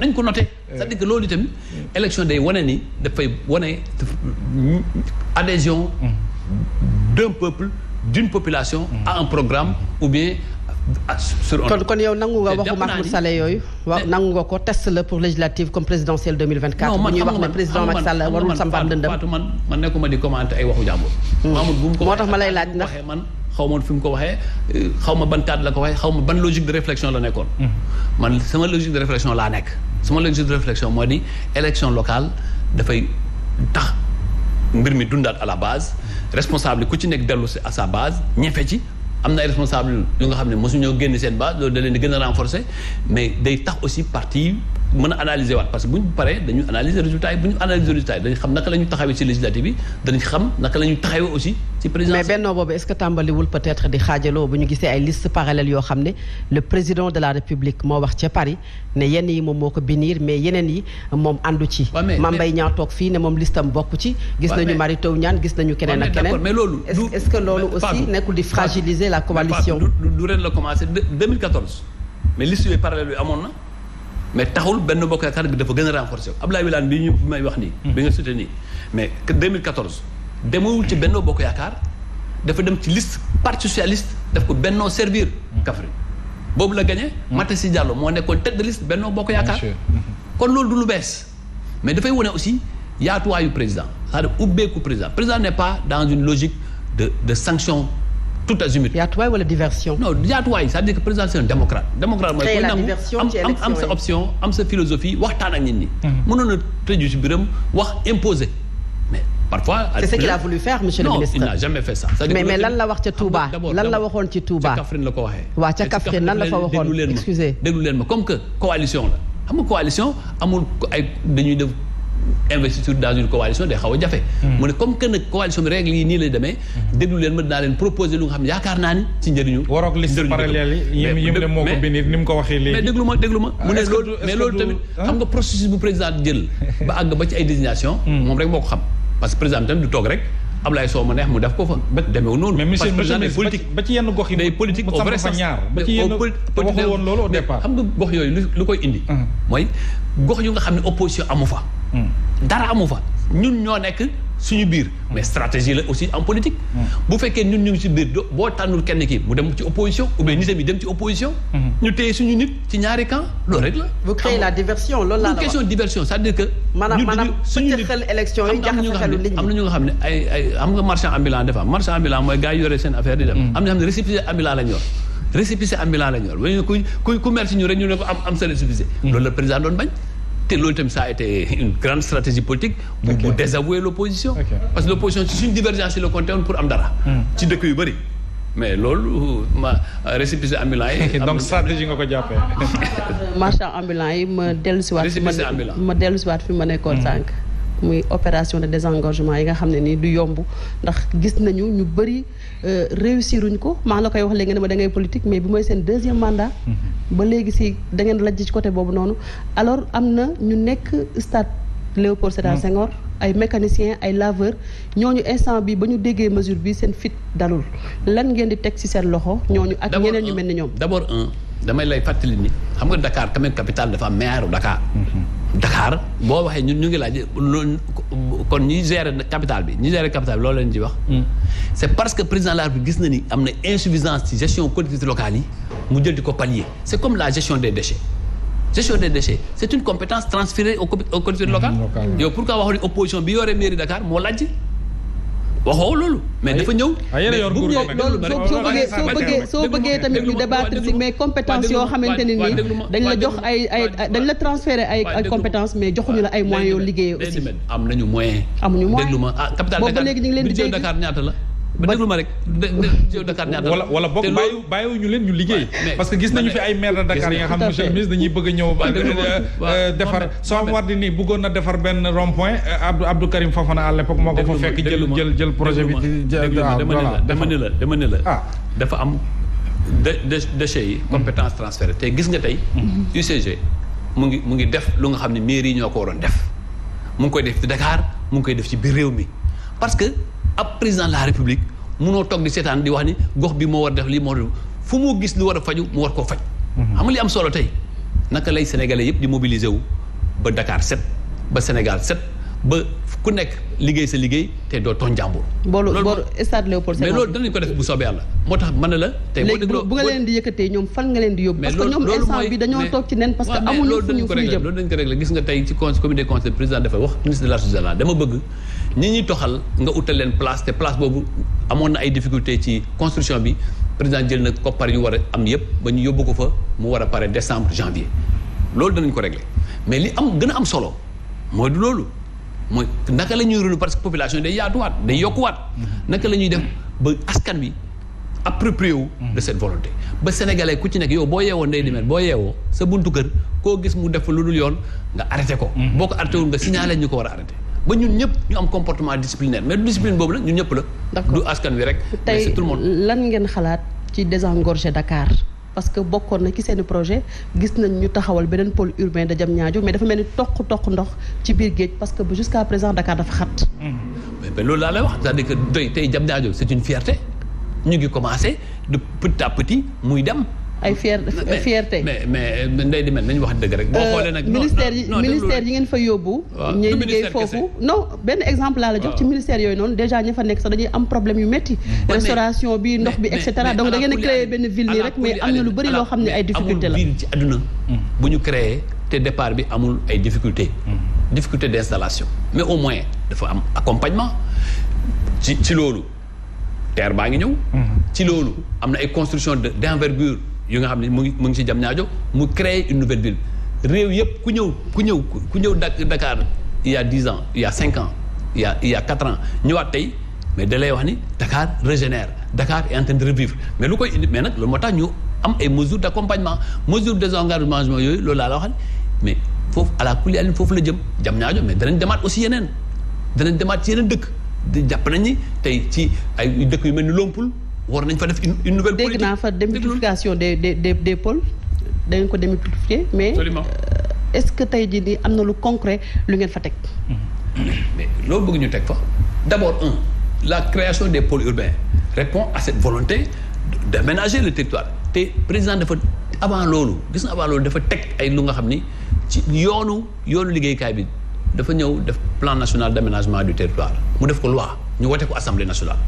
nañ ko noté eh. c'est-à-dire que loolu itam élection day wane ni dafay wane adhésion mm-hmm. d'un peuple d'une population mm-hmm. à un programme ou bien sur kon kon nangu nga waxu Mahmoud Saleh yooyu waaw eh. nangu nga ko test la pour législative comme présidentielle 2024 bu ñuy wax ne président Macky Sall man nekkuma di commenter ay waxu jàmbur mm. ko moo tax ma lay laaj ndax man xaw ma fi ko waxee xaw ma ban cadre la ko waxee xaw ma ban logique de réflexion la nekkoon mm. man sama logique de réflexion laa nekk sama lecture de réflexion moo di élection locale dafay tax mbir mi dundaat à la base responsable ku ci nekk dellu si à sa base ñefe ci am na ay responsable yu nga xam ne mosu ñoo génn seen base loolu da leen di gën a renforcer mais day tax aussi parti mën a analyser waat parce que bu ñu paree dañu analyser résultat yi bu ñu analyser résultat yi dañu xam naka la ñu taxawee ci législative bi dañu xam naka la ñu taxawee aussi ci président mais bennoo boobu est-ce que tàmbaliwul peut-être di xaajaloo bu ñu gisee ay liste parallèle yoo xam ne le président de la république moo wax ca Paris ne yenn yi moom moo ko biniir mais yeneen yi moom àndu ci Mame Mbaye Niang toog fii ne moom listam bokk ci gis nañu Mary Teuw Niane gis nañu keneen ak keneen mais loolu est-ce que loolu aussi nekkul di fragiliser la coalition du ren la commencé 2014 mais liste yooyu parallèle yooyu amoon na mais taxul benn bokk yaakaar bi dafa gën a renforcer Abdoulaye Wilane bi ñu may wax nii. Hmm. bi nga soutenir mais 2014 demewul ci benn bokk yaakaar dafa dem ci list parti socialiste daf ko bennoo servir hmm. Kaffrine boobu la gagné. Hmm. Mata Si Diallo moo nekkoon tête de liste bennoo bokk yaakaar. kon loolu du lu bees. mais dafay wane aussi yaatuwaayu président c'est-à-dire ubbeeku président président n'est pas dans une logique de de sanction. tout azimut. yaatuwaay wala diversion. non yaatuwaay c'est-à-dire que président c'est un démocrate. démocrate mooy ku nangu am am sa option am sa philosophie waxtaan ak nit ñi. Mhm. mënoon a tëju ci biram wax imposer mais. parfois c'est ce qu'il a voulu faire monsieur le ministre non il n'a jamais fait ça. mais mais lan la wax ca Touba lan la waxoon ci Touba. ca Kaffrine la ko waxee. waaw ca Kaffrine lan la fa waxoon excusez déglu leen ma comme que coalition la xam nga coalition amul ay dañuy def. investiture dans coalition day xaw a jafe. Hmm. mu ne comme que coalition bi règle yi nii lay demee. Hmm. déglu leen ma dinaa proposer lu nga xam ne yaakaar naa ci njëriñu. mais gox yu nga xam ne opposition amu fa. Mm. dara amu fa ñun ñoo nekk suñu biir. mais stratégie la aussi en politique. Mm. bu fekkee ñun ñu ngi ci biir boo tànnul kenn ki mu dem ci opposition ou bien nitam yi dem ci opposition. Mm-hmm. ñu téye suñu nit ci ñaari camp loolu rek la. vous créez la diversion loolu laa la cest dire que. maanaam maanaam marchand ambulant dafa marchand ambulant mooy gars yore seen affaire di dem. Mm. am na xam ne récépissé ambulant la ñu yor récépissé la ñu yor ku ku ku ñu rek ñu ne ko am sa récépissé. loolu te loolu tamit ça a été une grande stratégie politique. bu désavouer l' parce que l' opposition si suñ divergence yi la compté pour am dara. Hmm. ci dëkk yu bëri. mais loolu ma euh, récépissé ambulant yi. donc stratégie nga ko jàppee. marchand ambulant yi ma dellusiwaat. récépissé ambulant ma dellusiwaat fi ma nekkoon hmm. sànq. muy opération de désengorgement yi nga xam ne nii du yomb ndax gis nañu ñu bëri euh, réussiruñ ko maa la koy wax léegi ne ma da politique mais bu mooy seen deuxième mandat. Mhm. ba léegi si da ngeen lajj ci côté boobu noonu alors am na ñu nekk stade Léopold Sédar mhm. Senghor ay mécaniciens ay laveurs ñooñu instant bi ba ñu déggee mesure bi seen fit dalul lan ngeen di teg ci seen loxo ñooñu ak ñeneen ñu mel ni ñoom d'abord un damay lay fàttali ni xam nga Dakar quand même capitale dafa am maire Dakar mhm. Dakar boo waxee ñun ñu ngi laaj loolu kon ñi gérer capital bi ñi gérer capital bi loolu leen ci wax. Hmm. c' est parce que président de la gis na ni am na insuffisance ci gestion collectivités locales mu jël di ko pallier c' comme la gestion des déchets. gestion des déchets c' est une compétence transférée aux collectivités locales. Hmm, yow pourquoi waxoon ni opposition bi yore mairie Dakar moo laaj. waxoo loolu. mais dafa ñëw. bu ñëw loolu soo bëggee soo bëggee soo bëggee tamit ñu débattre ci mais compétence yoo xamante ne nii dañ la jox ay ay dañ la transférer ay compétence mais joxuñu la ay moyens yoo liggéeyee aussi. am nañu moyen. am moyen déglu boobu léegi ñu leen di dégg Dakar ñaata la. ba déglu ma rek wala wala bokk bàyyi bàyyiwu leen ñu liggéey parce que gis nañu fi ay maire de Dakar yi nga xam monsieur le ministre dañuy bëgg a ñëw euh, euh, defar Soham Wardini nii bëggoon na defar benn rond point euh, Abdou Abdou Karim Fofana à l'époque moo ko fa fekk jël jël jël projet bi dama ne la dama ne la ah dafa am déchets yi compétence transférée te gis nga tey UCG mu ngi mu ngi def lu nga xam ne mairie yi ñoo ko waroon def mu ngi koy def ci Dakar mu ngi koy def ci biir réew mi parce que ab président de la république munoo toog di seetaan di wax ni gox bi moo war def lii moo def fu war a faju mu war koo mhm. li am solo tey naka lay sénégalais yëpp di mobiliser wu ba Dakar set ba Sénégal set ba ku nekk liggéey sa liggéey te doo tooñ jàmbur. mais loolu danañ ko def bu soobee yàlla moo tax mën na la. tey boo leen di yëkkatee ñoom fan nga leen di yóbbu. parce que ñoom instant bi dañoo toog ci nen parce que amuñu fu ñu fu jëm loolu dañ ko réglé gis nga tey ci comité ñi ñuy toxal nga ut leen place te place boobu amoon na ay difficulté ci construction bi président jël na koppar yu war a am yëpp ba ñu yóbbu ko fa mu war a pare décembre janvier loolu danañ ko régler mais li am gën a am solo mooy du loolu mooy naka la ñuy renu parce que population day yaatuwaat day yokkuwaat naka la ñuy def ba askan wi approprié wu de cette volonté ba sénégalais ku ci nekk yow boo yeewoo ndey limet boo yeewoo sa buntu kër koo gis mu def lu dul yoon nga arrêté ko mm-hmm. boo ko arrêté wul nga signalé ñu ko war a ba ñun ñëpp ñu am comportement disciplinaire mais discipline boobu nag ñun ñëpp la. du askan wi rek. mais tey lan ngeen xalaat ci désengorger Dakar. parce que bokkoon na ci seeni projet gis nañ ñu taxawal beneen pôle urbain de Diamniadio mais dafa mel ni toq toq ndox ci biir géej parce que ba jusqu'à présent Dakar dafa xat. loolu laa lay wax c'est-à-dire que doy tey Diamniadio c'est une fierté ñu ngi commencer de petit à petit muy dem. ay fier fierté mais mais ndey di mel nañu wax dëgg rek. boo euh, xoolee nag ministère yi ministère yi ngeen fa yóbbu. waaw ñuy liggéey foofu. non benn exemple la jox ci ministère yooyu noonu déjà ña fa nekk sax dañuy am problème yu métti. restauration bi ndox bi et cetera donc da ngeen a créé benn ville nii rek mais am na lu bëri loo xam ne ay difficulté la. ci àdduna mm. bu ñu créé te départ bi amul ay difficulté mm. difficulté d'installation mais au moins dafa am accompagnement ci loolu terre baa ngi ñëw. Mm. ci loolu yu nga xam ne mu ngi mu ngi si jam ñaajo mu créer une nouvelle ville réew yëpp ku ñëw ku ñëw ku ñëw Dakar il y a dix ans il y a cinq ans il y quatre ans ñëwaat tey mais da lay wax ni Dakar régénère Dakar est en train de mais lu koy indi mais nag loolu moo tax ñu am ay mesures d' accompagnement mesures de désengagement yooyu loolu laa la wax mais foofu à la kulli foofu la jëm jam ñaajo mais danañ demaat aussi yeneen danañ demaat ci yeneen dëkk jàpp nañ ni tey ci ay dëkk yu mel ni Lompoul war nañ fa def une une dégg naa fa démultiplication des des des des pôles da ngeen ko démultiplier mais euh, est-ce que tey jii nii am na lu concret lu ngeen fa teg. mais loolu bëgg ñu teg fa d'abord un la création des pôles urbains répond à cette volonté d'aménager le territoire te président dafa avant loolu gis na avant loolu dafa teg ay lu nga xam ni ci yoonu yoonu liggéeykaay bi dafa ñëw def plan national d'aménagement du territoire mu def ko loi ñu wote ko assemblée nationale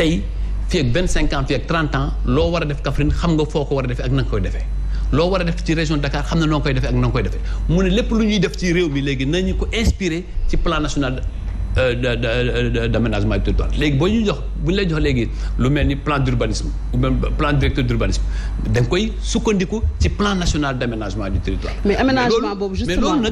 tey. fii ak vingt cinq ans fii ak trente ans loo war a def Kaffrine xam nga foo ko war a defee ak na koy defee loo war a def ci région de Dakar xam na noo koy defee ak na koy defee mu ne lépp lu ñuy def ci réew mi léegi nañu ko inspiré ci plan national euh, euh, d'aménagement du territoire léegi boo ñu jox bu ñu lay jox léegi lu mel ni plan d'urbanisme ou même plan directeur d'urbanisme da nga koy sukkandiku ci plan national d'aménagement du territoire mais aménagement boobu justement